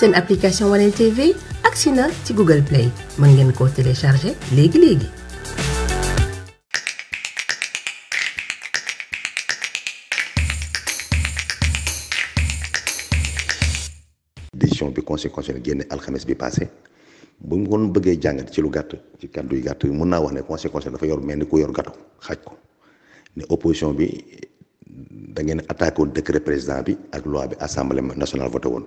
seen application Wannel TV agsi na ci Google Play mën ngeen ko télécharger légui légui. décision bi conséquence constitutionnel génne alxames bi passé bu ñu ko bëggee jàngat ci lu gatt ci kàddu yu gatt mëna naa wax ne dafa yor melni ko yor gatto xaaj ko Né opposition bi da ngeen attaqué décret président bi ak loi bi assemblée nationale voté won.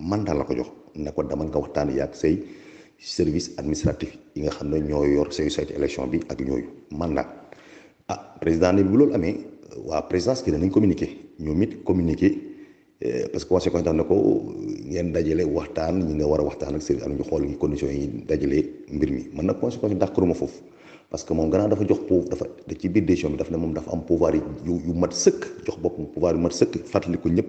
mandat la ko jox ne ko dama nga waxtaan yaag say service administratif yi nga xam ne ñoo yor say saytu élection bi ak ñooyu mandat ah président ne bu loolu amee waa présidence ki danañ communiqué ñoom it communiqué eh, parce que conseil ne ko eh, ngeen dajale waxtaan ñi nga war a waxtaan ak service am ñu xool ñu conditions yi dajale mbir mi man nag conseil constitutionnel d'accord ma foofu parce que moom gannaaw dafa jox pouvoir dafa ci biir décision bi daf ne moom dafa am pouvoir yu yu mat sëkk jox boppam pouvoir yu mat sëkk ñëpp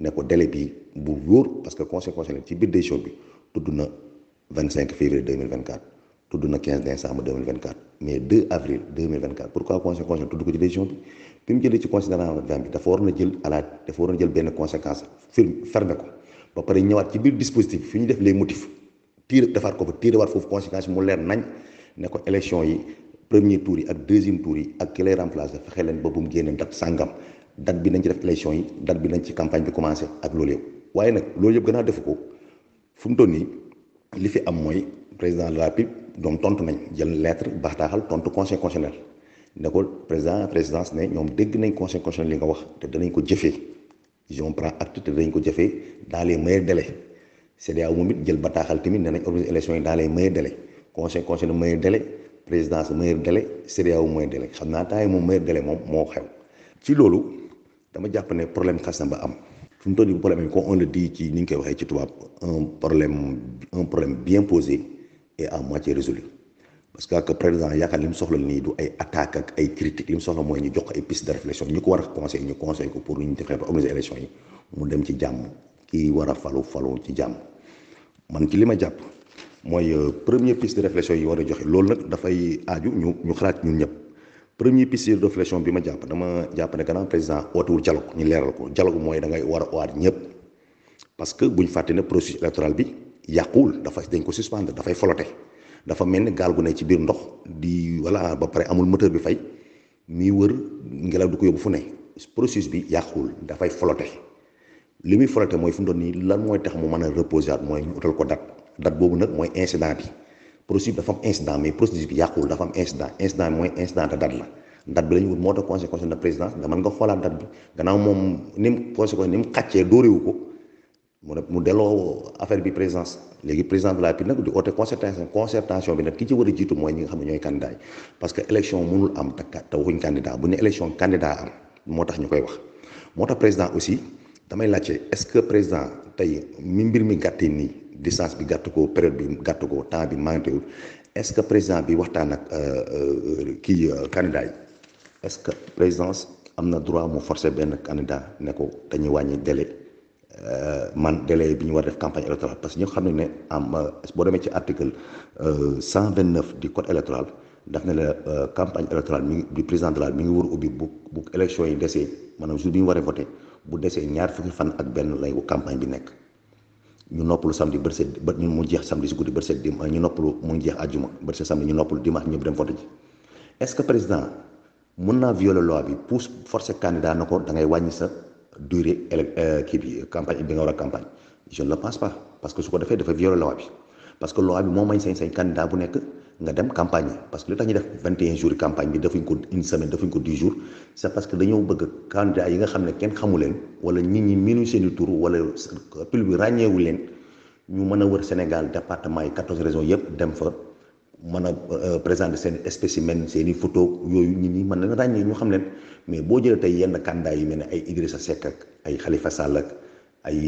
nekko ko bi bu wóor parce que conseil constitutionnel ci biir décision bi tudd na 25 février 2024 tudd na 15 décembre 2024 mais 2 avril 2024 pourquoi conseil constitutionnel tudd ko ci décision bi bi mu jëlee ci considération bi dafa waroon a jël alaaj dafa waroon a jël benn conséquence firme ferme ko ba pare ñëwaat ci biir dispositif fi ñu def les motifs tiir defaat ko fa tiirawaat foofu conséquence mu leer nañ ne ko élection yi premier tour yi ak deuxième tour yi ak ki lay remplacer fexe leen ba bu mu date bi nañ ci def élection yi date bi nañ ci campagne bi commencé ak loolu yëpp waaye nag loolu yëpp gën a defu ko fu mu nii li fi am mooy président de la République ñoom tontu nañ jël lettre bataaxal tontu conseil constitutionnel ne ko président présidence ne ñoom dégg nañ conseil constitutionnel li nga wax te danañ ko jëfee ils ont pris acte te danañ ko jëfee dans les meilleurs délais CEDEAO moom it jël bataaxal tamit ne nañ organiser élection yi dans les meilleurs délais conseil constitutionnel meilleurs délais présidence meilleurs délais CEDEAO meilleurs délais xam naa temps yii moom meilleurs délais moom moo xew ci loolu. dama jàpp ne problème xas na ba am fu mu toll nii problème yi comme on le dit ci ni ñu koy waxee ci tubaab un problème un problème bien posé et à moitié résolu que président yaakaar li mu soxla nii du ay attaque ak ay mooy ñu jox ay piste de réflexion ñu ko war a conseil ñu conseil ko pour ñu defee ba organiser élection yi mu dem ci jàmm ki war a falu falu ci jàmm man ci li ma jàpp mooy euh, premier piste de réflexion yi war a joxe loolu nag dafay aaju ñu ñu xalaat ñun ñëpp. premier piste de réflexion bi ma jàpp dama jàpp ne gannaaw président ootewul dialogue ñu leeral ko dialogue mooy dangay war a owaat ñëpp parce que buñ fàtte ne processus électoral bi yàquwul dafa dañ ko suspendre dafay folote dafa mel ni gaal gu ne ci biir ndox di voilà ba pare amul moteur bi fay muy wër ngelaw du ko yóbbu fu ne processus bi yàquwul dafay folote li muy folote mooy fu mu doon nii lan mooy tax mu mën a reposer mooy ñu utal ko date date boobu nag mooy incident bi. procédure dafa am incident mais procédure bi yàquwul dafa am incident incident bi mooy incident de date la date bi la ñu wut moo tax conseil constitutionnel de présidence da nga xoolaat date bi gannaaw moom ni mu conseil constitutionnel ni mu ko mu delloo affaire bi présidence léegi président de la République nag di oote concertation concertation bi nag ki ci war a jiitu mooy ñi nga xam ne ñooy candidat yi parce que élection mënul am te te waxuñ candidat bu ne élection candidat am moo tax ñu koy wax moo tax président aussi damay laajte est-ce que président tey mi mbir mi gàttee nii distance bi gàtt ko période bi gàtt ko temps bi manqué wul est-ce que président bi waxtaan ak euh, euh, kii euh, candidat yi est-ce que présidence am na droit mu forcer benn candidat ne ko dañuy wàññi délai man délai bi ñu war def campagne électorale parce que ñoo xam ne ne am boo demee ci article cent vingt neuf du code électoral daf ne la campagne électorale mi ngi du président de la mi ngi war a ubbi bu bu élection yi desee maanaam jour bi ñu war a voté bu desee ñaar fukki fan ak benn lay campagne bi nekk. ñu noppalu samedi bërsé ba ñu mu jeex samedi su guddi bërsé dim ñu eh, noppalu mu jeex aljuma bërsé samedi ñu noppalu dimanche ñëpp dem vote ji est ce que président mën naa violer loi bi pour forcer candidat na ko da ngay wàññi sa durée kii bi campagne bi nga war a campagne je ne le pense pas parce que su ko defee dafa violer loi bi parce que loi bi moo may sañ-sañ candidat bu nekk nga dem campagne parce que li tax ñu def 21 jours campagne bi defuñ ko une semaine defuñ ko 10 jours c' est parce que dañoo bëgg candidat yi nga xam ne kenn xamu leen wala nit ñi miinu seeni i tur wala bi ràññeewu leen ñu mën a wër Sénégal département yi 14 régions yëpp dem fa mën a présente seen spécimen seen i photo yooyu nit ñi mën na ràññee ñu xam leen mais boo jëlee tey yenn candidat yu mel ne ay Idrissa Seck ak ay xalifa Sall ak ay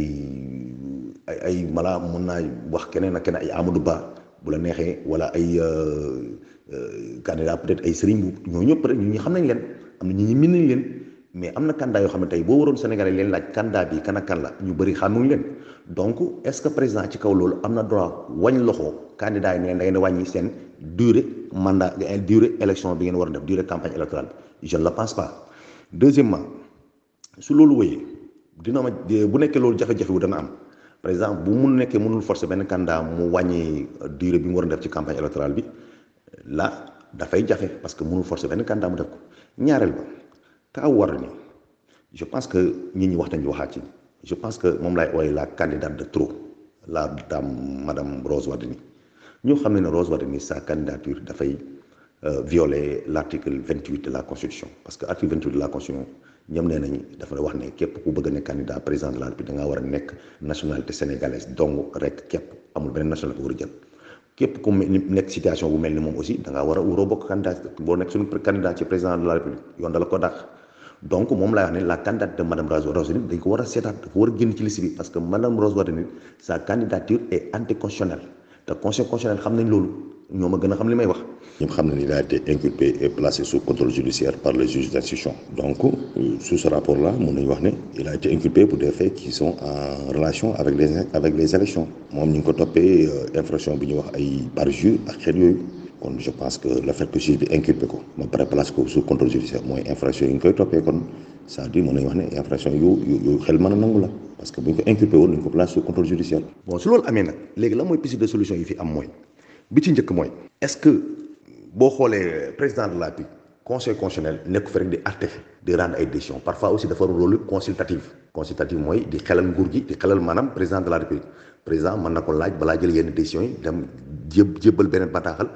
ay ay mala mun naa wax keneen ak keneen ay bu la neexee wala ay euh, euh, candidat peut-être ay Serigne Mboup ñoo ñëpp rek ñu xam nañ leen am na ñi ñu min nañ leen mais am na candidat yoo xam ne tey boo waroon Sénégalais leen laaj candidat bi kan ak kan la ñu bëri xamuñ leen donc est-ce que président ci kaw loolu am na droit wañ loxo candidat yi ne leen da ngeen wàññi seen durée mandat eh, durée élection bi ngeen war a def durée campagne électorale bi je ne le pense pas deuxièmement su loolu wéyee dina ma bu nekkee loolu jafe wu dana am par exemple bu mu nekkee mënul forcer ben candidat mu wàññi durée bi mu wara def ci campagne électorale bi la fay jafe parce que mënul forcer ben candidat mu def ko ñaareel ba kaaw war ni je pense que ñi ñi wax bi waxaat ci je pense que mom lay ooy la candidate de trop la dame madame Rose Wardini ñu xam ne Rose Wardini sa candidature da dafay euh, violer l'article 28 de la constitution parce que article 28 de la constitution ñoom nee nañ dafa wax ne képp ku bëgg ne nekk candidat président de la République da war a nekk nationalité sénégalaise dong rek képp amul beneen nationalité bu war a jël képp ku nekk situation bu mel ni moom aussi da ngaa war a waroo bokk candidat boo nekk suñu candidat ci président de la République yoon dala ko dàq donc moom laa wax ne la candidate de madame Rose Wardini dañ ko a seetaat dafa war a génn ci liste bi te conseil xam nañ loolu. ñoo ma gën a xam li may wax. ñëpp xam nañ il a été inculpé et placé sous contrôle judiciaire par le juge d'instruction donc euh, sous ce rapport là mën nañu wax ne il a été inculpé pour des faits qui sont en relation avec les avec les élections moom ñu ngi ko toppee euh, infraction bi ñu wax ay parjure ak xeet yooyu. kon je pense que le fait que juge bi inculpé ko ba pare place ko sous contrôle judiciaire mooy infraction yi ñu koy toppee kon c'est-à-dire mën nañu wax ne infraction yu yu xel mën a nangu la parce que bu ñu ko inculpé woon ñu ko place sous contrôle judiciaire. bon su loolu amee nag léegi la mooy piste de solution yi fi am mooy bi ci njëkk moy est-ce que bo xolé président de la République conseil constitutionnel nek fa rek di àtte di rendre ay décisions parfois aussi dafa rôle consultatif consultatif moy di xelal nguur gi di xelal manam président de la République président man nako laaj bala jël yenn décision yi dem jébal benen bataxal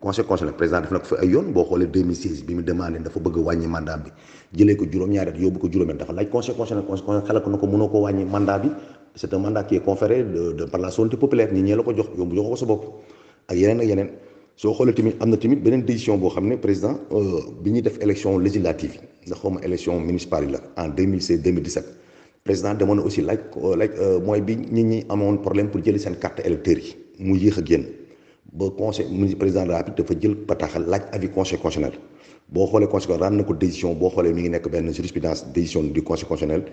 conseil constitutionnel président def na fa ay yone bo xolé 2016 bi mu demandé dafa bëgg wañi mandat bi jëlé ko juróom-ñaari at yóbbu ko juróomi dafa laaj conseil constitutionnel conseil xelal ko na ko ko wàññi mandat bi c'est un mandat qui est conféré de par la souveraineté populaire ñi ñé la ko jox yóbbu jox ko sa bokk ak yeneen a yeneen soo xoolee tamit am na tamit beneen décision boo xam ne président euh, bi ñuy def élection législative yi ndax élection municipale en 2016 2017 président demoon aussi laaj euh, laaj euh, mooy bi nit ñi amoon problème pour jëli seen carte électeur yi mu yéex a ba conseil président de la République dafa jël bataaxal laaj avis conseil constitutionnel boo xoolee conseil constitutionnel rendre na ko décision boo xoolee mi ngi nekk benn jurisprudence décision du conseil constitutionnel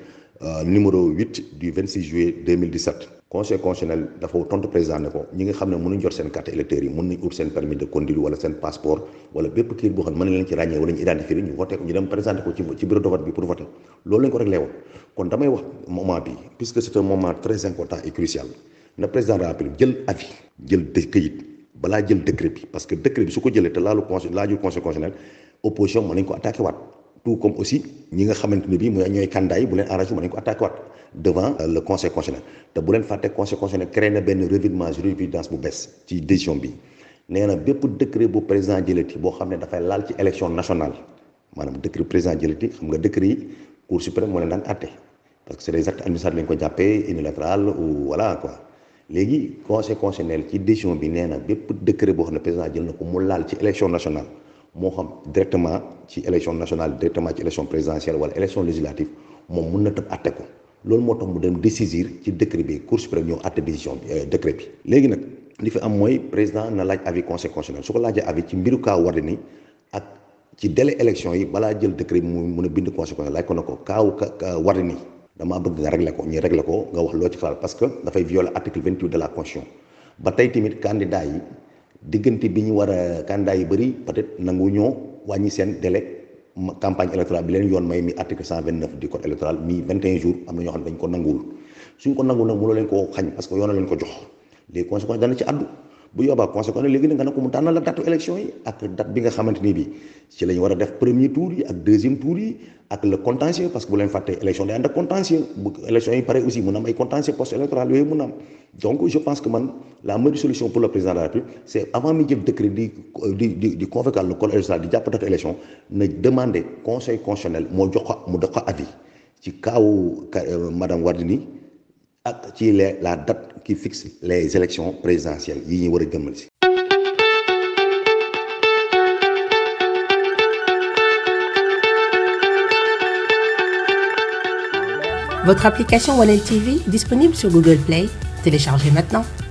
euh, numéro 8 du 26 juillet 2017. conseil constitutionnel dafa tontu président ne ko ñi nga xam ne mënuñ jot seen carte électeur yi mën nañ ut seen permis de conduire wala seen passeport wala bépp kayit boo xam ne mën na leen ci ràññee wala ñu identifier ñu voté ko ñu dem présenté ko ci ci bureau de vote bi pour voter loolu lañ ko réglé woon kon damay wax moment bi puisque c' est un moment très important et crucial na président de la République jël avis jël kayit balaa jël décret bi parce que décret bi su ko jëlee te laalu conseil laajul conseil constitutionnel opposition mën nañ ko attaqué waat tout comme aussi ñi nga xamante ne bii mooy ñooy candidat yi bu leen arrangé mën euh, te bu leen fàtte conseil constitutionnel créé na benn revirement jurisprudence bu bees ci décision bi nee na bépp décret bu président jëlati boo xam ne dafay laal ci élection nationale maanaam décret président jëlati xam nga décret yi cour suprême moo leen daan atte parce que c'est des actes lañ ko jàppee unilatéral ou voilà quoi légui conseil constitutionnel ci décision bi nee na décret bo xam président jël nako ko mu laal ci élection nationale mo xam directement ci élection nationale directement ci élection présidentielle wala élection législative mom mun na tëb atte ko loolu mo tax mu dem décisir ci décret bi cour suprême ñoo atté décision bi euh, décret bi. légui nak li fi am moy président na laaj avis conseil constitutionnel su ko laajee avis ci mbiru ka war ni ak ci délai élection yi bala jël décret bi mu mun bind conseil constitutionnel laaj ko nako ko kaaw ka war ni dama bëgg nga régler ko ñu régler ko nga wax loo ci xalaat parce que dafay violer article 28 de la constitution ba tey tamit candidat diggante bi ñu war a candidat yi bëri peut-être nangu ñoo wàññi seen délai campagne électorale bi leen yoon may mi article 129 du code électoral mi 21 jours am na ñoo xam ne dañ ko nanguwul suñ ko nanguwul nag mënoo leen koo xañ parce que yoon na leen ko jox les conséquences dana ci àddu bu yoba conseil kon léegi nag nga ne ko mu la ak date bi nga xamanteni bi ci la wara a def premier tour yi ak deuxième tour yi ak le contentieux parce que bu len faté élection day ànd contentieux bu élection yi paré aussi mun nam ay contentieux post électoral yooyu nam donc je pense que man la meilleure solution pour le président de la République c'est avant mi jël décret di di di le collège électoral di jàpp datu élection na demander conseil constitutionnel mo jox ko mu jox ko avis ci kaawu euh, madame Wardini ak ci la date qui fixe les élections présidentielles Votre application Wallet TV disponible sur Google Play. Téléchargez maintenant.